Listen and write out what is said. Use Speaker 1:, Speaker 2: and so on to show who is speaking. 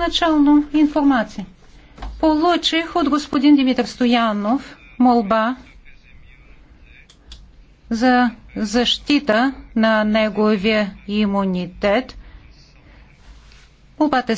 Speaker 1: първоначално информация. Получих от господин Димитър Стоянов молба за защита на неговия имунитет.
Speaker 2: Молбата е